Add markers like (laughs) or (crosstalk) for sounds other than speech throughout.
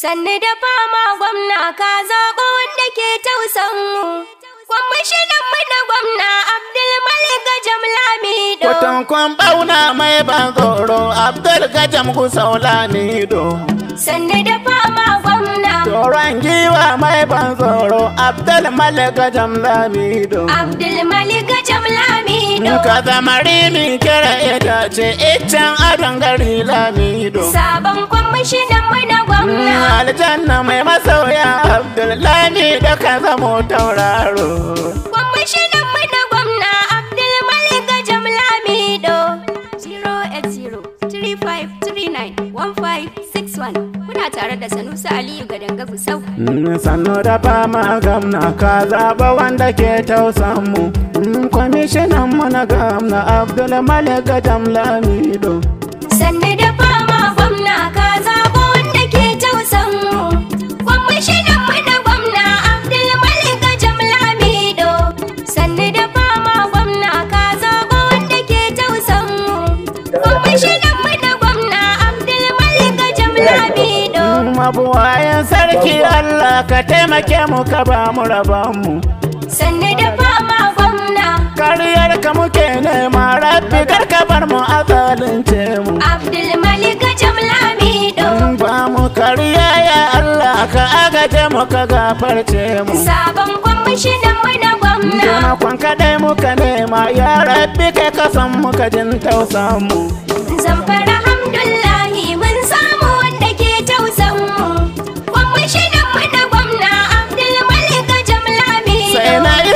Sannu da fama gwamna ka zaɓo wanda ke tausan mu. Kwamishinan mu na gwamna Malik Gajam Lamido. kwan bauna mai bangoro Abdul Gajam Gusau Lamido. Sannu da fama gwamna. Toron giwa mai Abdul Malik Gajam Lamido. Malik ka zama rimin kira itace iccen adon gari lamido sabon kwamashi da muna gwamna aljanna mai masauya abdullami da ka zamo tauraro kwamashi da muna gwamna abdulmalik jamlamido 080 15 61. tare da Sanusi Aliyu Gadanga Gusau. Mm, sannu da fama gamna ka zaba wanda ke tausan mu. Mm, kwamishinan mu na gamna Abdul Malik Gadam Lamido. Sannu abu mabuwayan sarki Allah ka taimake mu ka ba mu mu. Sanne da fama gwamna. Kariyar ka muke nema rabbi kar ka bar mu a zalunce mu. Malik Jamlamido. Ba mu kariya ya Allah ka agaje mu ka gafarce mu. Sabon kwamishinan mu na gwamna. Taimakon kaɗai muka nema ya rabbi kai ka san ka jin tausan mu. Zamfara hamdulillah.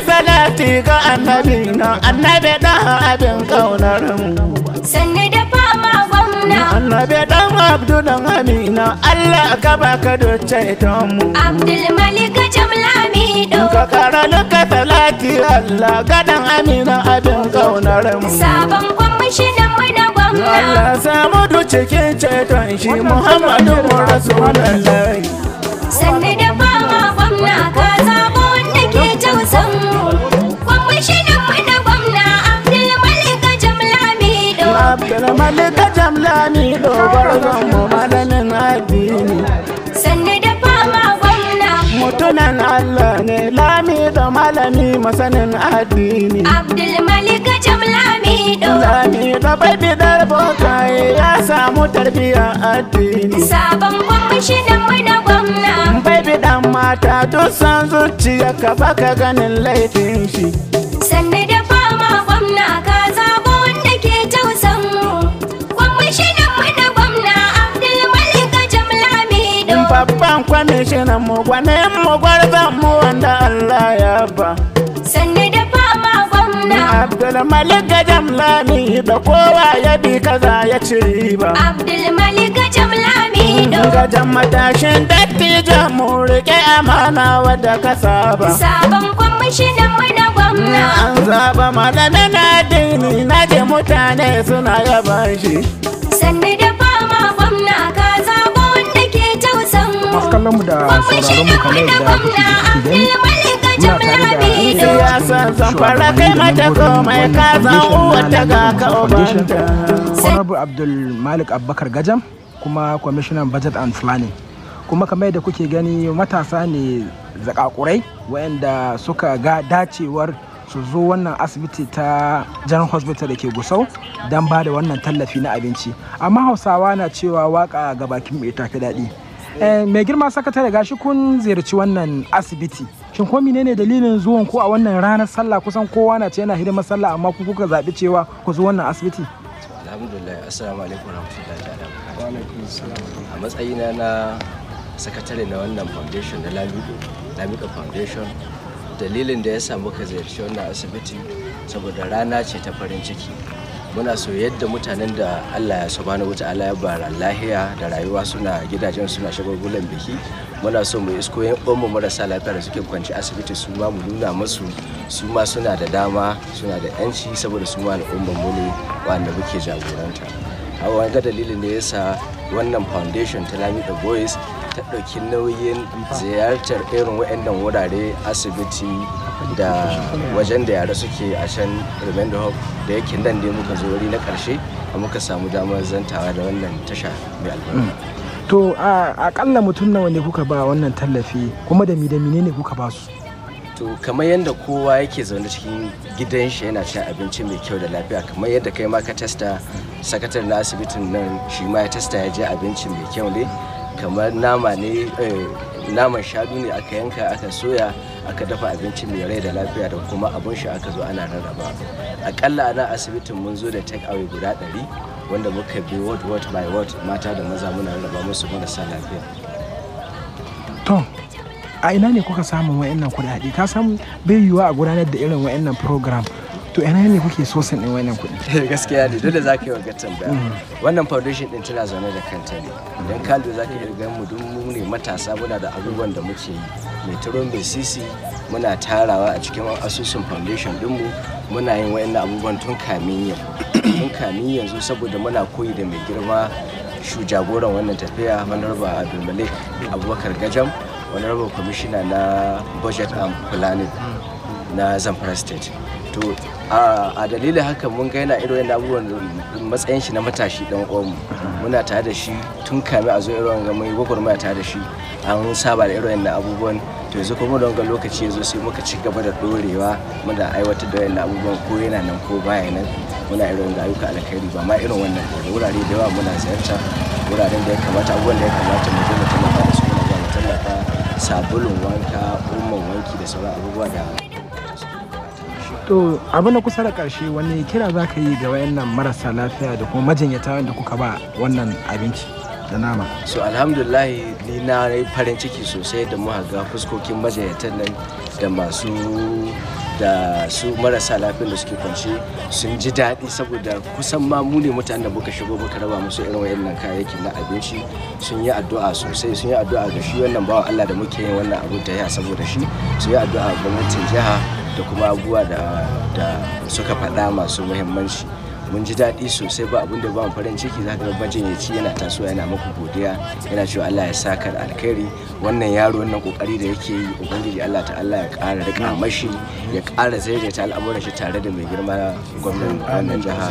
gwamna. ga annabi nan annabi dan abin kaunar mu sanni da fama gwamna annabi da abdu dan amina allah ka baka doce ita mu abdul malik jamlami do ka kara luka talati allah ga dan amina abin kaunar mu sabon kwamishinan mu na gwamna allah samu cikin ceton shi muhammadu rasulullahi sanni da fama gwamna ka zabo wanda ke tausan mu kwamishinan mu na gwamna abdulmalik jamlamido abdulmalik jamlamido gwarzon mu malamin addini sanni da fama gwamna mutunan allah ne lami da malami masanin addini abdulmalik jamlamido lami da bai bidar bokaye ya samu tarbiyyar addini sabon kwamishinan mu na kiɗan mata tun san zuciya ka baka ganin laifin shi. Sanne da fama gwamna ka zabo wanda ke tausan mu. Kwamishinan mana gwamna Abdul Malik Jamlamido. Babban kwamishinan mu gwane mu gwarzan mu wanda Allah ya ba. Sanne da fama gwamna. Abdul Malik da kowa ya bi kaza ya ci riba. Abdul Malik Jamlamido. ido gajan matashin dattijan mu rike amana wadda ka saba sabon kwamishinan mu na gwamna an zaba malamin addini na je mutane suna yaba shi sannu da fama gwamna ka zaba wanda ke tausan mu masu kallon mu da sauraron mu kamar da kuke ji muna tare da siyasan zamfara kai mata komai ka zan uwa uwata ga ka ubanta honorable abdul malik abubakar gajam kuma kwamishinan budget and planning kuma kamar da kuke gani matasa ne zakakurai wayanda suka ga dacewar su zo wannan asibiti ta jan hospital da ke gusau don ba da wannan tallafi na abinci amma hausawa na cewa waka ga bakin mai tafi daɗi eh, mai girma sakatare gashi kun ziyarci wannan asibiti shin ko menene dalilin zuwan ku a wannan ranar sallah kusan kowa na ce yana hidimar sallah amma ku kuka zaɓi cewa ku zo wannan asibiti Assalamu alaikum warahmatullahi ta'ala. Wa alaikum assalam. A matsayina na sakatare na wannan foundation na Lamido, Lamido Foundation. Dalilin da ya sa muka ziyarci wannan asibiti saboda rana ce ta farin ciki. Muna so yadda mutanen da Allah ya subhanahu wa ta'ala ya bara lahiya da rayuwa suna gidajen suna shagulgulan biki muna so mu isko yan mu marasa lafiya da suke kwanci asibiti su ma mu nuna musu su ma suna da dama suna da yanci saboda su ma al'umman mu ne wanda muke jagoranta a wanga dalilin ne yasa wannan foundation ta da boys ta ɗauki nauyin ziyartar irin waɗannan wurare asibiti da wajen da yara suke a can remainder hub da yake nan ne muka zo wuri na ƙarshe muka samu damar zantawa da wannan tasha mai albarka to akalla mutum nawa ne kuka ba wannan tallafi kuma da midami ne kuka ba su to kamar yadda kowa yake zaune cikin gidan shi yana cin abinci mai kyau da lafiya kamar yadda kai ma ka testa sakatar na asibitin nan shi ma ya testa ya je abinci mai kyau ne kamar nama ne eh, naman shanu ne aka yanka aka soya aka dafa abinci mai rai da lafiya da kuma abun shi aka zo ana rarraba akalla na asibitin mun zo da take away guda ɗari wanda muka bi word ward by ward mata da maza muna raba musu marasa lafiya to a ina ne kuka samun wayannan kuɗaɗe ka samu bai yiwuwa a gudanar da irin wayannan program to ina ne kuke sosin din wannan kuɗi (laughs) eh, gaskiya ne dole za ka yi wa tambaya mm. wannan foundation din tana zaune da kanta ne idan ka lura za ka mu dun mu ne matasa muna da abubuwan da muke yi mai turo mai sisi muna tarawa a cikin asusun foundation dinmu muna yin wa'annan abubuwan tun kamin yau tun kamin yanzu saboda muna koyi da mai girma shu jagoran wannan tafiya manarba abdulmalik abubakar gajam manarba kwamishina na budget and planning na zamfara state to a dalilin haka mun ga yana irin abubuwan matsayin shi na matashi dan mu muna tare da shi tun kame a zo irin ga mai mai tare da shi an saba da irin abubuwan to yanzu kuma don ga lokaci yazo sai muka ci gaba da dorewa muna aiwatar da wannan abubuwan ko yana nan ko baya nan muna irin ga ayyuka alkhairi ba ma irin wannan wurare da yawa muna ziyarta wuraren da ya kamata abubuwan da ya kamata mu je mu tallafa da su muna ba mu tallafa sabulun wanka umman wanki da sauran abubuwa da to abu na kusa da ƙarshe wani kira za ka yi ga wayannan marasa lafiya da kuma majinyata wanda kuka ba wannan abinci da nama so alhamdulillah ni na yi farin ciki sosai da muka ga fuskokin majinyatan nan da masu da su marasa lafiyar da suke kwance sun ji daɗi saboda kusan ma mu ne mutanen da muka shigo muka raba musu irin wayannan kayayyakin na abinci sun yi addu'a sosai sun yi addu'a ga shi wannan bawa Allah da muke yin wannan abu da ya saboda shi sun yi addu'a gwamnatin jiha da kuma abubuwa da suka faɗa masu muhimmanci mun ji daɗi sosai ba abinda ba farin ciki za ka bajin ya ci yana tasowa yana muku godiya yana cewa Allah ya saka da alkhairi wannan yaro wannan kokari da yake yi ubangiji Allah ta Allah ya ƙara rika mashi ya ƙara zaidaita al'amuran shi tare da mai girma gwamnan wannan jiha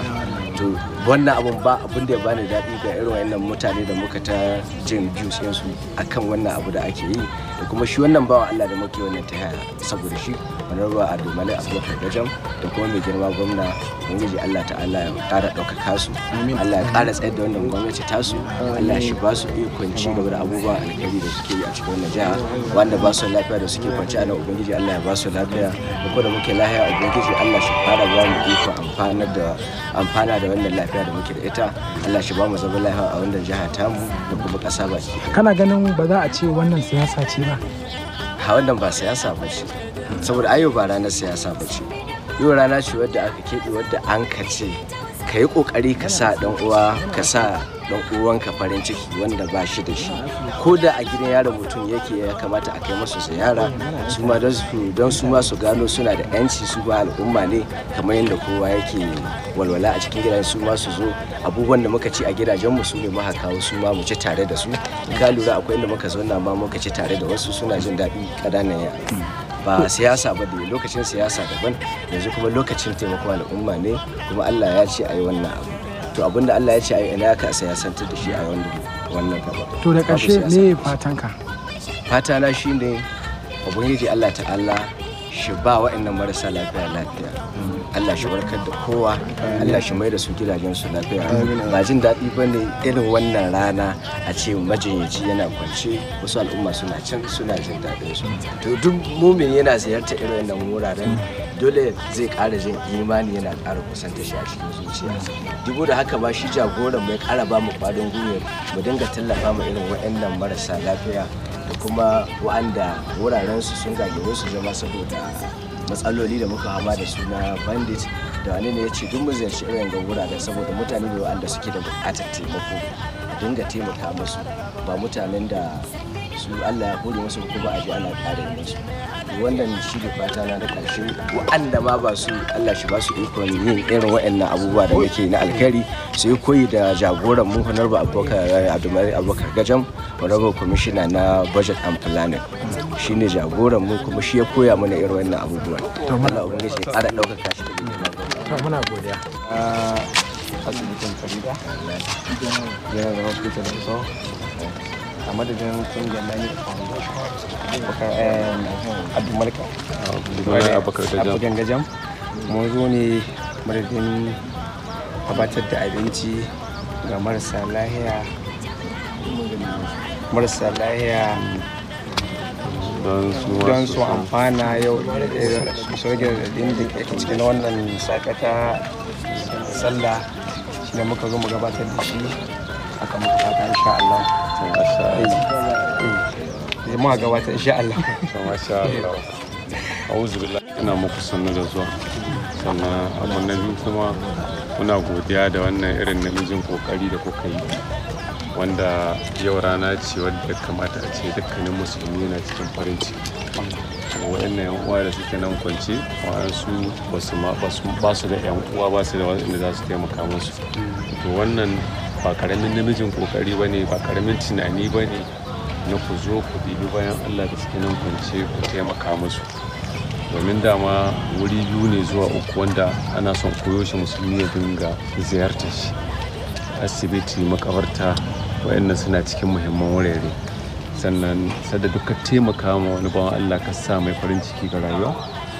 to wannan abun ba abin da ya bani daɗi ga irin wannan mutane da muka ta jin views akan wannan abu da ake yi da kuma shi wannan bawa Allah da muke wannan ta saboda shi honorable a abubakar gajam da kuma mai girma gwamna ubangiji allah ta'ala ya kara ɗaukaka su allah ya kara tsayar da wannan gwamnati tasu allah ya shiga su ikon ci gaba da abubuwa alkhairi da suke yi a cikin wannan jiha wanda ba su lafiya da suke kwanci a nan ubangiji allah ya ba su lafiya da kuma da muke lahiya ubangiji allah shi fara ba mu ikon amfana da amfana da wannan lafiya da muke da ita allah shi ba mu zama lafiya a wannan jiha tamu da kuma ƙasa ba. kana ganin ba za a ce wannan siyasa ce ba a wannan ba siyasa ba ce saboda ayo ba ranar siyasa ba ce yau rana ce wadda aka keɓe wadda an ka ce ka yi ƙoƙari ka sa ɗan uwa ka sa ɗan uwanka farin ciki wanda ba shi da shi ko da a gidan yaron mutum yake ya kamata a kai masu ziyara su ma don su ma su gano suna da yanci su ba al'umma ne kamar yadda kowa yake walwala a cikin gidan su ma su zo abubuwan da muka ci a gidajen mu su ne muka kawo su ma mu ci tare da su ka lura akwai inda muka zauna ma muka ci tare da wasu suna jin daɗi ƙananan yara ba siyasa ba da lokacin siyasa daban yanzu kuma lokacin taimako al'umma ne kuma Allah ya ce a yi wannan abu to abin da Allah ya ce a yi ina ka siyasantar da shi a wannan gaba to da ƙarshe ne fatanka fata na shine ubangiji Allah ta'ala shi ba waɗannan marasa lafiya lafiya Allah shi barkar da kowa Allah shi mai da su gidajen su lafiya ba jin daɗi ba ne irin wannan rana a ce majinyaci yana kwance wasu al'umma suna can suna jin daɗin su to duk mumin yana ziyarta irin wannan wuraren dole zai ƙara jin imani yana ƙara kusanta shi a cikin zuciya dubu da haka ba shi jagoran mai ƙara ba mu ƙwarin gwiwa mu dinga tallafa mu irin waɗannan marasa lafiya da kuma wa'anda su sun gagare su zama saboda matsaloli da muka hama da su na bandit da wani ne ya ce duk mu ziyarci irin ga wuraren saboda mutane da wa'anda suke da bukatar taimako dinga taimaka musu ba mutanen da su Allah ya kore musu ko ba a ji ana ƙara musu wannan shi da fata na da ƙarshe wa'anda ma ba su Allah shi ba su ikon yin irin waɗannan abubuwa da muke na alkhairi sai koyi da jagoran mu honorable abokar abdulmari abubakar gajam honorable commissioner na budget and planning shi ne jagoran mu kuma shi ya koya mana irin wannan abubuwa Allah ubangi shi ƙara ɗaukaka kashi da to muna godiya asibitin farida general hospital a madadin kungiyar Lani Foundation Abubakar Abdulmalika Abubakar Gajam mun zo ne madadin gabatar da abinci ga marasa lahiya marasa lahiya don su amfana yau su rage radadin da ke cikin wannan sakata sallah shi da muka zo mu gabatar da shi aka muka fata insha Allah eh ma gabata insha Allah masha Allah a'udhu billahi ina muku sannu da zuwa sannan abu na biyu kuma muna godiya da wannan irin namijin kokari da kuka yi wanda yau rana ce wadda kamata a ce dukkanin musulmi yana cikin farin ciki wa'annan yan uwa da suke nan kwance wa'ansu ba su da yan uwa ba su da wasu inda za su taimaka musu to wannan ba karamin namijin kokari ba ne ba karamin tunani ba ne na ku zo ku bibi bayan allah da suke nan kwance ku taimaka musu domin dama wuri biyu ne zuwa uku wanda ana son koyo shi musulmi ya dinga ziyartar shi asibiti makabarta wayannan suna cikin muhimman wurare sannan sadda duka taimaka ma wani bawan allah ka sa mai farin ciki ga rayuwa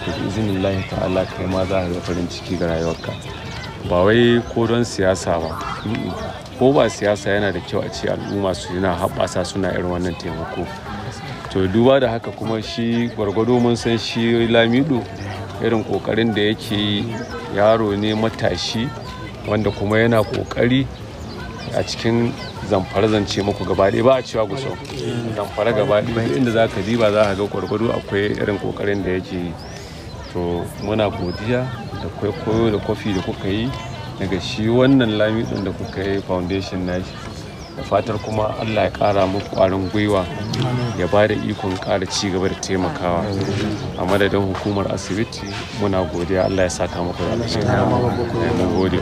da izinin lahi ta'ala kai ma za a farin ciki ga rayuwarka ba wai ko don siyasa ba ko ba siyasa yana da kyau a ce al'umma su yana haɓasa suna irin wannan taimako to duba da haka kuma shi gwargwado mun san shi lamido irin kokarin da yake yaro ne matashi wanda kuma yana kokari a cikin zamfara zance muku gaba ɗaya ba a cewa gusau zamfara gaba ɗaya inda za ka ba za ka ga gwargwado akwai irin kokarin da yake yi to muna godiya da kwaikwayo da kwafi da kuka yi daga shi wannan lamidin da kuka yi foundation nashi da fatar kuma allah ya kara muku kwarin gwiwa ya ba da ikon kara ci gaba da taimakawa a madadin hukumar asibiti muna godiya allah ya saka muku da alheri